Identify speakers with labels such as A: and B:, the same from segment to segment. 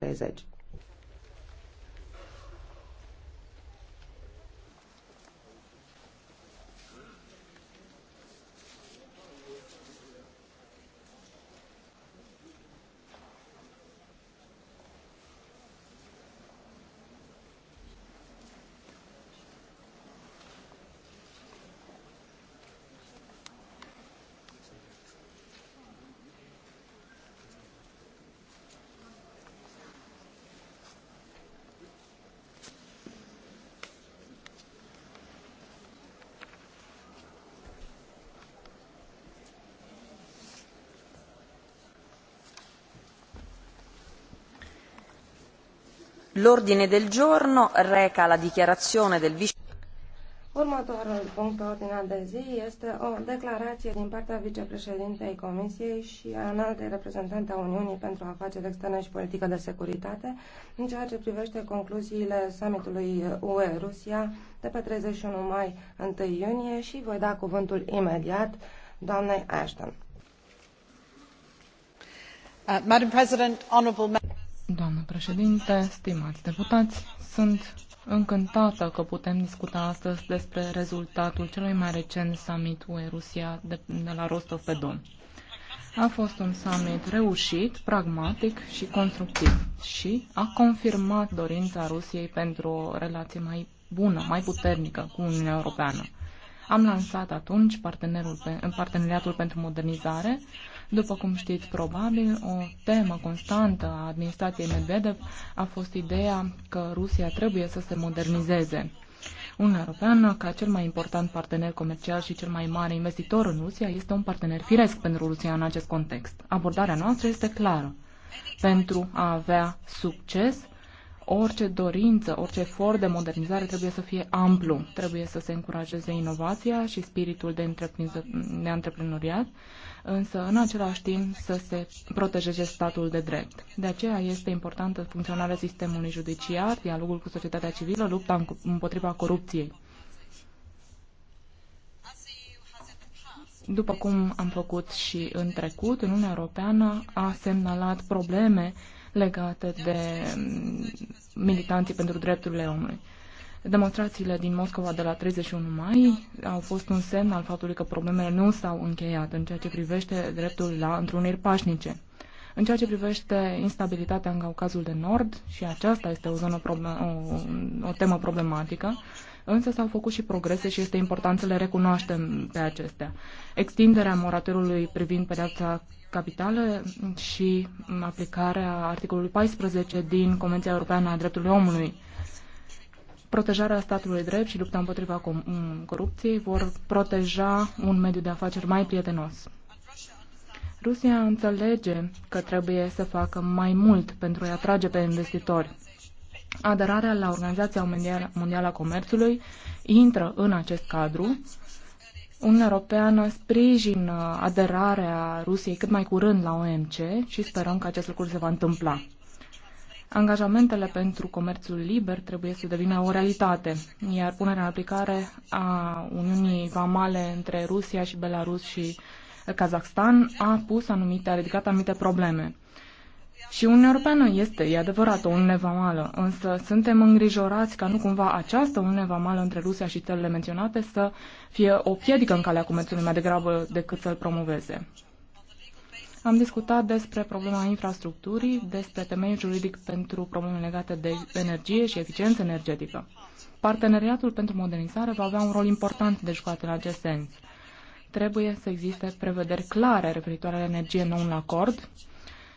A: 30.
B: L'ordine del giorno reca la dichiarazione del vice...
A: Următorul punct pe ordinea de zi este o declarație din partea vicepreședintei Comisiei și a înaltei reprezentante a Uniunii pentru Afaceri Externe și Politică de Securitate în ceea ce privește concluziile summitului UE-Rusia de pe 31 mai 1 iunie și voi da cuvântul imediat doamnei Ashton. Uh, Madam President, honorable Doamnă
C: președinte, stimați deputați, sunt încântată că putem discuta astăzi despre rezultatul celui mai recent summit UE-Rusia de, de la Rostov-pe-Don. A fost un summit reușit, pragmatic și constructiv și a confirmat dorința Rusiei pentru o relație mai bună, mai puternică cu Uniunea Europeană. Am lansat atunci parteneriatul pentru modernizare, după cum știți, probabil, o temă constantă a administrației Medvedev a fost ideea că Rusia trebuie să se modernizeze. Uniunea Europeană, ca cel mai important partener comercial și cel mai mare investitor în Rusia, este un partener firesc pentru Rusia în acest context. Abordarea noastră este clară. Pentru a avea succes, orice dorință, orice efort de modernizare trebuie să fie amplu. Trebuie să se încurajeze inovația și spiritul de, antreprenoriat, însă în același timp să se protejeze statul de drept. De aceea este importantă funcționarea sistemului judiciar, dialogul cu societatea civilă, lupta împotriva corupției. După cum am făcut și în trecut, Uniunea Europeană a semnalat probleme legate de mm, militanții pentru drepturile omului. Demonstrațiile din Moscova de la 31 mai au fost un semn al faptului că problemele nu s-au încheiat în ceea ce privește dreptul la întruniri pașnice. În ceea ce privește instabilitatea în Caucazul de Nord, și aceasta este o, zonă o, o temă problematică, însă s-au făcut și progrese și este important să le recunoaștem pe acestea. Extinderea moratorului privind pedeapsa capitală și aplicarea articolului 14 din Convenția Europeană a Drepturilor Omului protejarea statului drept și lupta împotriva mm, corupției vor proteja un mediu de afaceri mai prietenos. Rusia înțelege că trebuie să facă mai mult pentru a-i atrage pe investitori. Aderarea la Organizația Mondială a Comerțului intră în acest cadru. Uniunea Europeană sprijină aderarea Rusiei cât mai curând la OMC și sperăm că acest lucru se va întâmpla. Angajamentele pentru comerțul liber trebuie să devină o realitate, iar punerea în aplicare a Uniunii Vamale între Rusia și Belarus și Kazakhstan a pus anumite, a ridicat anumite probleme. Și Uniunea Europeană este, e adevărat, o Uniune Vamală, însă suntem îngrijorați ca nu cumva această Uniune Vamală între Rusia și țările menționate să fie o piedică în calea comerțului mai degrabă decât să-l promoveze. Am discutat despre problema infrastructurii, despre temeiul juridic pentru probleme legate de energie și eficiență energetică. Parteneriatul pentru modernizare va avea un rol important de jucat în acest sens. Trebuie să existe prevederi clare referitoare la energie nou în acord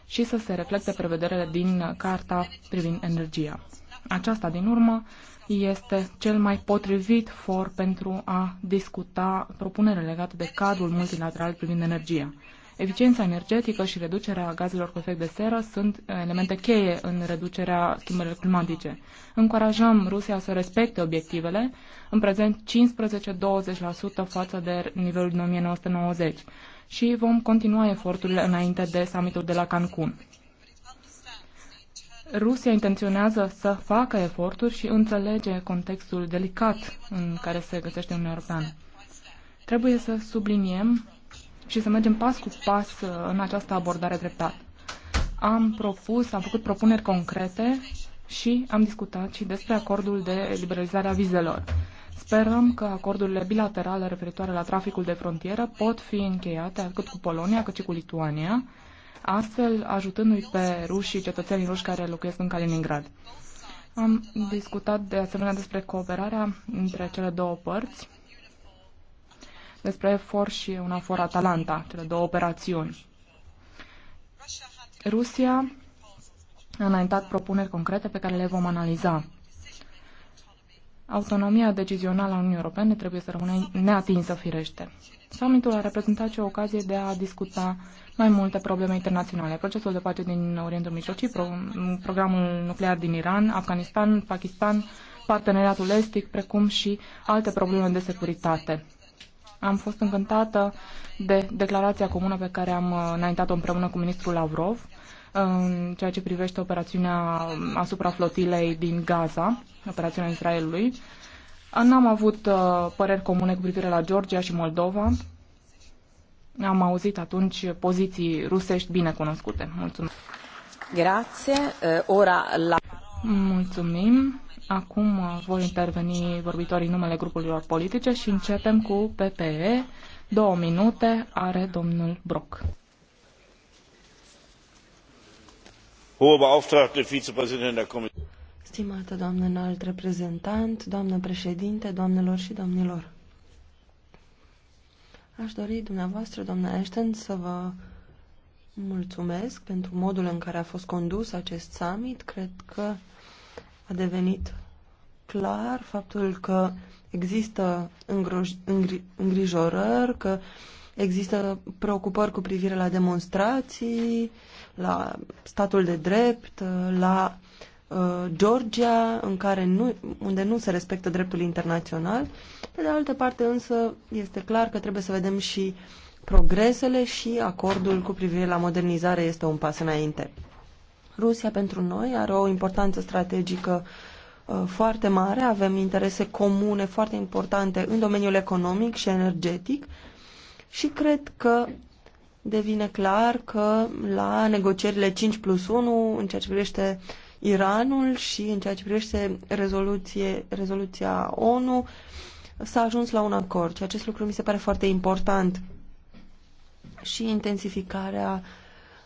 C: și să se reflecte prevederile din Carta privind energia. Aceasta, din urmă, este cel mai potrivit for pentru a discuta propunere legate de cadrul multilateral privind energia. Eficiența energetică și reducerea gazelor cu efect de seră sunt elemente cheie în reducerea schimbărilor climatice. Încurajăm Rusia să respecte obiectivele, în prezent 15-20% față de nivelul din 1990 și vom continua eforturile înainte de summitul de la Cancun. Rusia intenționează să facă eforturi și înțelege contextul delicat în care se găsește Uniunea Europeană. Trebuie să subliniem și să mergem pas cu pas uh, în această abordare dreptat. Am propus, am făcut propuneri concrete și am discutat și despre acordul de liberalizare a vizelor. Sperăm că acordurile bilaterale referitoare la traficul de frontieră pot fi încheiate atât cu Polonia cât și cu Lituania, astfel ajutându-i pe rușii cetățenii ruși care locuiesc în Kaliningrad. Am discutat de asemenea despre cooperarea între cele două părți despre EFOR și UNAFOR Atalanta, cele două operațiuni. Rusia a înaintat propuneri concrete pe care le vom analiza. Autonomia decizională a Uniunii Europene trebuie să rămână neatinsă firește. Summitul a reprezentat și o ocazie de a discuta mai multe probleme internaționale. Procesul de pace din Orientul Mijlociu, pro programul nuclear din Iran, Afganistan, Pakistan, parteneriatul estic, precum și alte probleme de securitate. Am fost încântată de declarația comună pe care am uh, înaintat-o împreună cu ministrul Lavrov în ceea ce privește operațiunea um, asupra flotilei din Gaza, operațiunea Israelului. N-am avut uh, păreri comune cu privire la Georgia și Moldova. Am auzit atunci poziții rusești bine cunoscute. Mulțumesc.
B: Grazie. Uh, ora la...
C: Mulțumim. Acum uh, vor interveni vorbitorii numele grupurilor politice și începem cu PPE. Două minute are domnul Brock.
B: Stimată doamnă înalt reprezentant, doamnă președinte, doamnelor și domnilor. Aș dori dumneavoastră, doamna Ashton, să vă Mulțumesc pentru modul în care a fost condus acest summit. Cred că a devenit clar faptul că există îngri îngrijorări, că există preocupări cu privire la demonstrații, la statul de drept, la uh, Georgia, în care nu, unde nu se respectă dreptul internațional. Pe de altă parte, însă, este clar că trebuie să vedem și uh, progresele și acordul cu privire la modernizare este un pas înainte. Rusia pentru noi are o importanță strategică uh, foarte mare, avem interese comune foarte importante în domeniul economic și energetic și cred că devine clar că la negocierile 5 plus 1 în ceea ce privește Iranul și în ceea ce privește rezoluție, rezoluția ONU s-a ajuns la un acord și acest lucru mi se pare foarte important și intensificarea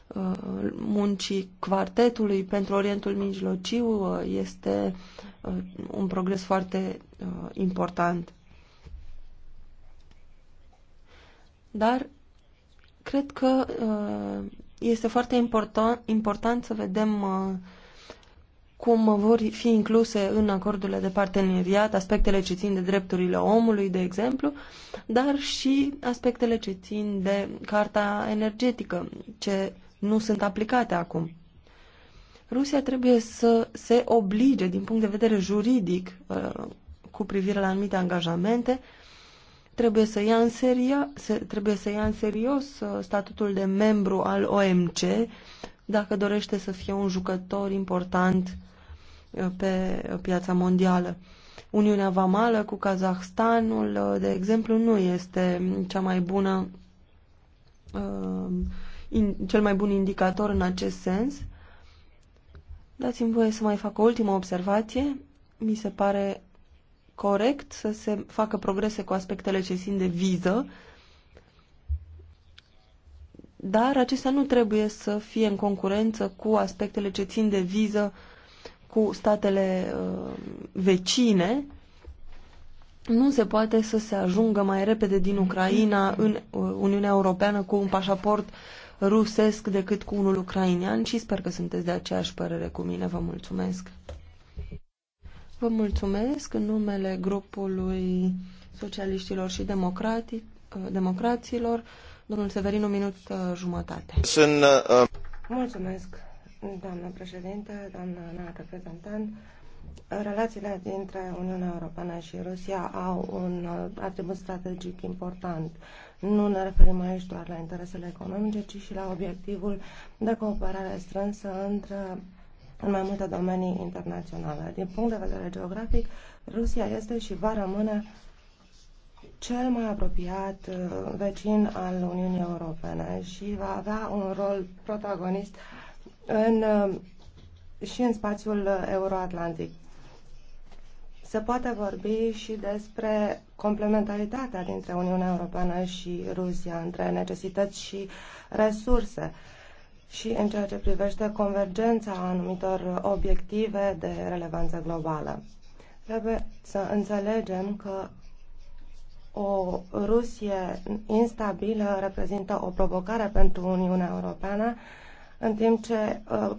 B: uh, muncii quartetului pentru Orientul Mijlociu uh, este uh, un progres foarte important. Dar cred că este foarte important, important să vedem cum vor fi incluse în acordurile de parteneriat aspectele ce țin de drepturile omului, de exemplu, dar și aspectele ce țin de carta energetică, ce nu sunt aplicate acum. Rusia trebuie să se oblige din punct de vedere juridic uh, cu privire la anumite angajamente, trebuie să ia în, seria, trebuie să ia în serios uh, statutul de membru al OMC dacă dorește să fie un jucător important pe piața mondială. Uniunea Vamală cu Kazahstanul, uh, de exemplu, nu este cea mai bună, uh, cel mai bun indicator în acest sens. Dați-mi voie să mai fac o ultimă observație. Mi se pare corect să se facă progrese cu aspectele ce țin de viză, dar acestea nu trebuie să fie în concurență cu aspectele ce țin de viză uh, cu statele uh, vecine, nu se poate să se ajungă mai repede din Ucraina în uh, Uniunea Europeană cu un pașaport rusesc decât cu unul ucrainian și sper că sunteți de aceeași părere cu mine. Vă mulțumesc! Vă mulțumesc în numele grupului socialiștilor și uh, democraților. Domnul Severin, un minut
A: jumătate. Sunt, uh... Mulțumesc, Doamnă președinte, doamnă înalt reprezentant, relațiile dintre Uniunea Europeană și Rusia au un atribut strategic important. Nu ne referim aici doar la interesele economice, ci și la obiectivul de cooperare strânsă între în mai multe domenii internaționale. Din punct de vedere geografic, Rusia este și va rămâne cel mai apropiat uh, vecin al Uniunii Europene și va avea un rol protagonist uh, în, uh, și în spațiul uh, euroatlantic. Se poate vorbi și despre complementaritatea dintre Uniunea Europeană și Rusia, între necesități și resurse și în ceea ce privește convergența anumitor obiective de relevanță globală. Trebuie să înțelegem că o Rusie instabilă reprezintă o provocare pentru Uniunea Europeană în timp ce uh,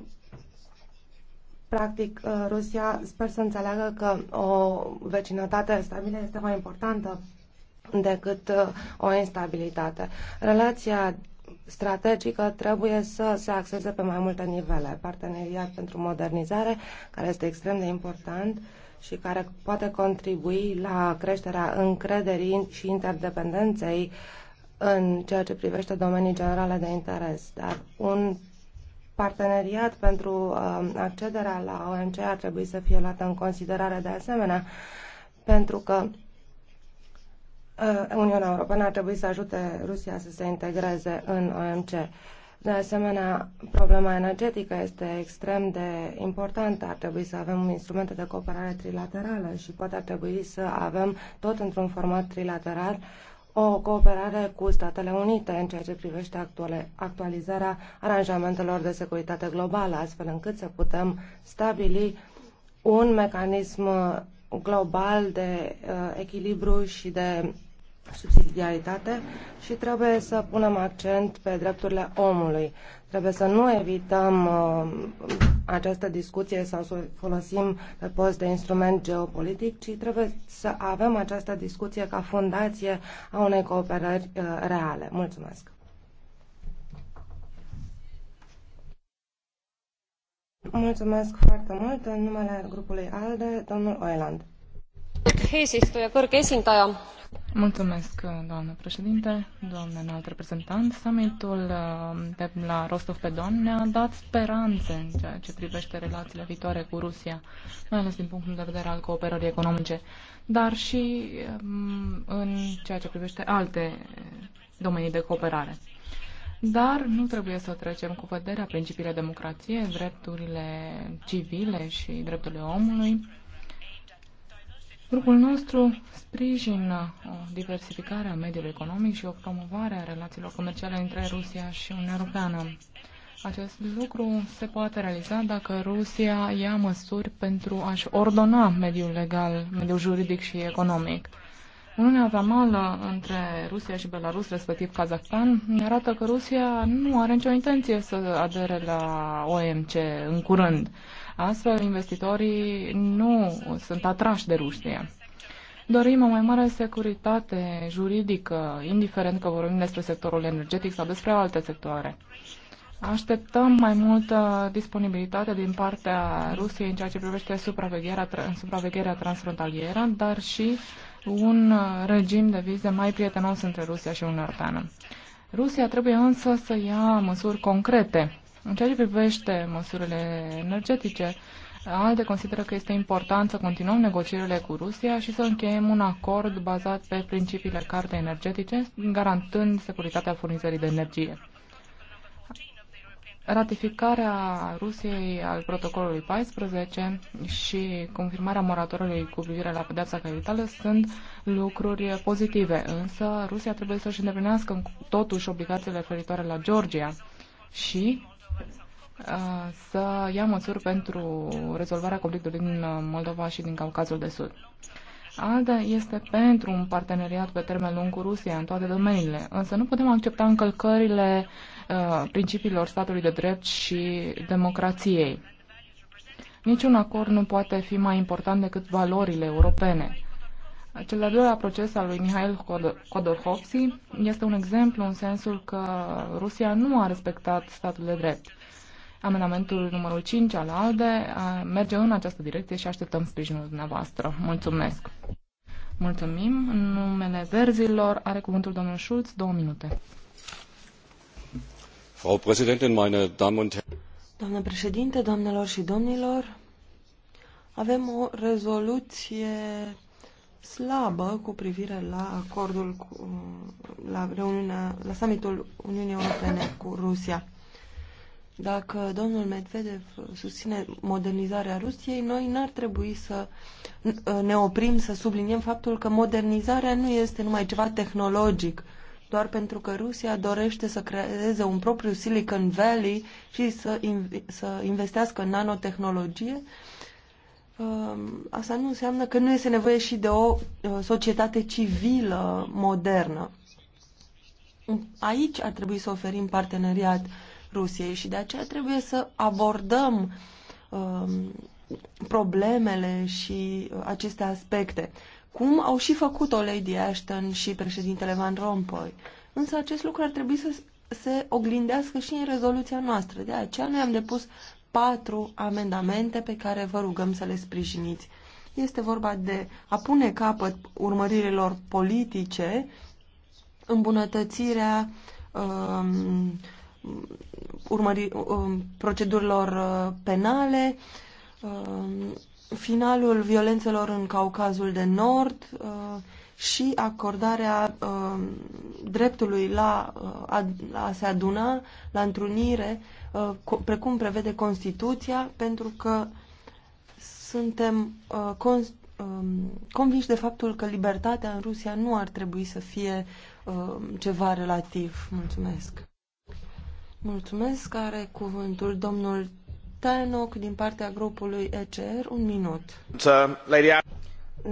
A: practic uh, Rusia sper să înțeleagă că o vecinătate stabilă este mai importantă decât uh, o instabilitate. Relația strategică trebuie să se axeze pe mai multe nivele. Parteneriat pentru modernizare, care este extrem de important și care poate contribui la creșterea încrederii și interdependenței în ceea ce privește domenii generale de interes. Dar un parteneriat pentru uh, accederea la OMC ar trebui să fie luată în considerare de asemenea, pentru că uh, Uniunea Europeană ar trebui să ajute Rusia să se integreze în OMC. De asemenea, problema energetică este extrem de importantă. Ar trebui să avem instrumente de cooperare trilaterală și poate ar trebui să avem tot într-un format trilateral o cooperare cu Statele Unite în ceea ce privește actuale, actualizarea aranjamentelor de securitate globală, astfel încât să putem stabili un mecanism global de uh, echilibru și de subsidiaritate și trebuie să punem accent pe drepturile omului. Trebuie să nu evităm uh, această discuție sau să folosim pe post de instrument geopolitic, ci trebuie să avem această discuție ca fundație a unei cooperări uh, reale. Mulțumesc! Mulțumesc foarte mult în numele grupului ALDE, domnul Oeland. Eesistuja, kõrge esindaja,
C: Mulțumesc, doamnă președinte, doamnă înalt reprezentant. Summitul uh, de la Rostov pe Don ne-a dat speranțe în ceea ce privește relațiile viitoare cu Rusia, mai ales din punctul de vedere al cooperării economice, dar și um, în ceea ce privește alte domenii de cooperare. Dar nu trebuie să trecem cu vederea principiile democrației, drepturile civile și drepturile omului, Grupul nostru sprijină diversificarea mediului economic și o promovare a relațiilor comerciale între Rusia și Uniunea Europeană. Acest lucru se poate realiza dacă Rusia ia măsuri pentru a-și ordona mediul legal, mediul juridic și economic. Uniunea vamală între Rusia și Belarus, respectiv Kazakhstan, ne arată că Rusia nu are nicio intenție să adere la OMC în curând. Astfel, investitorii nu sunt atrași de Rusia. Dorim o mai mare securitate juridică, indiferent că vorbim despre sectorul energetic sau despre alte sectoare. Așteptăm mai multă disponibilitate din partea Rusiei în ceea ce privește supravegherea, supravegherea transfrontalieră, dar și un regim de vize mai prietenos între Rusia și Uniunea Europeană. Rusia trebuie însă să ia măsuri concrete în ceea ce privește măsurile energetice, ALDE consideră că este important să continuăm negocierile cu Rusia și să încheiem un acord bazat pe principiile cartei energetice, garantând securitatea furnizării de energie. Ratificarea Rusiei al protocolului 14 și confirmarea moratorului cu privire la pedeapsa capitală sunt lucruri pozitive, însă Rusia trebuie să-și îndeplinească totuși obligațiile referitoare la Georgia și Uh, să ia măsuri pentru rezolvarea conflictului din uh, Moldova și din Caucazul de Sud. ALDE este pentru un parteneriat pe termen lung cu Rusia în toate domeniile, însă nu putem accepta încălcările uh, principiilor statului de drept și democrației. Niciun acord nu poate fi mai important decât valorile europene. Cel de-al doilea proces al lui Mihail Khodorkovsky este un exemplu în sensul că Rusia nu a respectat statul de drept. Amendamentul numărul 5 al ALDE merge în această direcție și așteptăm sprijinul dumneavoastră. Mulțumesc! Mulțumim. În numele verzilor are cuvântul domnul Schulz, două minute. Frau Präsidentin, meine Damen und Herren.
B: Doamnă președinte, doamnelor și domnilor, avem o rezoluție slabă cu privire la acordul cu, la reuniunea, la summitul Uniunii Europene cu Rusia. Dacă domnul Medvedev susține modernizarea Rusiei, noi n-ar trebui să ne oprim să subliniem faptul că modernizarea nu este numai ceva tehnologic, doar pentru că Rusia dorește să creeze un propriu Silicon Valley și să, inv- să investească în nanotehnologie. Um, asta nu înseamnă că nu este nevoie și de o uh, societate civilă modernă. Aici ar trebui să oferim parteneriat Rusiei și de aceea trebuie să abordăm um, problemele și uh, aceste aspecte, cum au și făcut-o Lady Ashton și președintele Van Rompuy. Însă acest lucru ar trebui să se oglindească și în rezoluția noastră. De aceea noi am depus patru amendamente pe care vă rugăm să le sprijiniți. Este vorba de a pune capăt urmăririlor politice, îmbunătățirea uh, urmări, um, procedurilor uh, penale, um, finalul violențelor în Caucazul de Nord uh, și acordarea um, dreptului uh, la a se aduna, la întrunire, precum prevede Constituția, pentru că suntem convinși de faptul că libertatea în Rusia nu ar trebui să fie ceva relativ. Mulțumesc! Mulțumesc. Are cuvântul domnul Tanok din partea grupului
A: ECR. Un minut. Lady.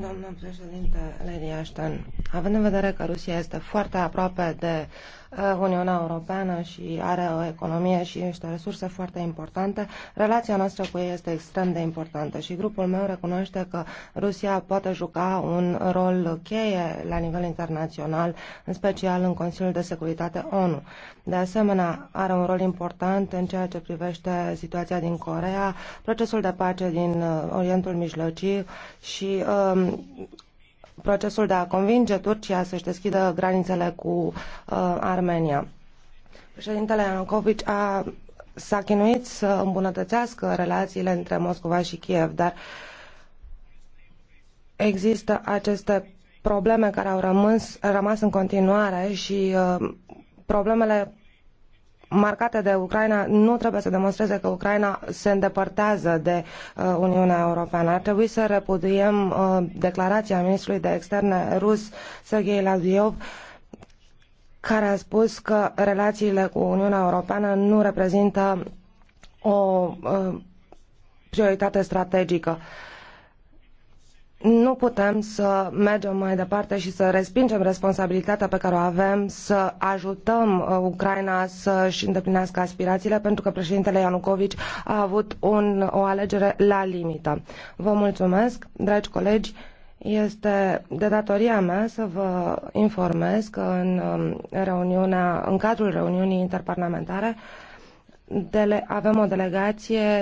A: Doamna președinte Lady Ashton, având în vedere că Rusia este foarte aproape de uh, Uniunea Europeană și are o economie și niște resurse foarte importante, relația noastră cu ei este extrem de importantă și grupul meu recunoaște că Rusia poate juca un rol cheie la nivel internațional, în special în Consiliul de Securitate ONU. De asemenea, are un rol important în ceea ce privește situația din Corea, procesul de pace din uh, Orientul Mijlociu și um, procesul de a convinge Turcia să-și deschidă granițele cu uh, Armenia. Președintele Ianucovici a, s-a chinuit să îmbunătățească relațiile între Moscova și Kiev, dar există aceste probleme care au rămas, rămas în continuare și uh, problemele marcate de Ucraina nu trebuie să demonstreze că Ucraina se îndepărtează de uh, Uniunea Europeană. Ar trebui să repudiem uh, declarația ministrului de externe rus Sergei Lavrov care a spus că relațiile cu Uniunea Europeană nu reprezintă o uh, prioritate strategică. Uh, nu putem să mergem mai departe și să respingem responsabilitatea pe care o avem să ajutăm uh, Ucraina să-și îndeplinească aspirațiile, pentru că președintele Ianucovici a avut un, o alegere la limită. Vă mulțumesc, dragi colegi. Este de datoria mea să vă informez că în, um, reuniunea, în cadrul reuniunii interparlamentare dele, avem o delegație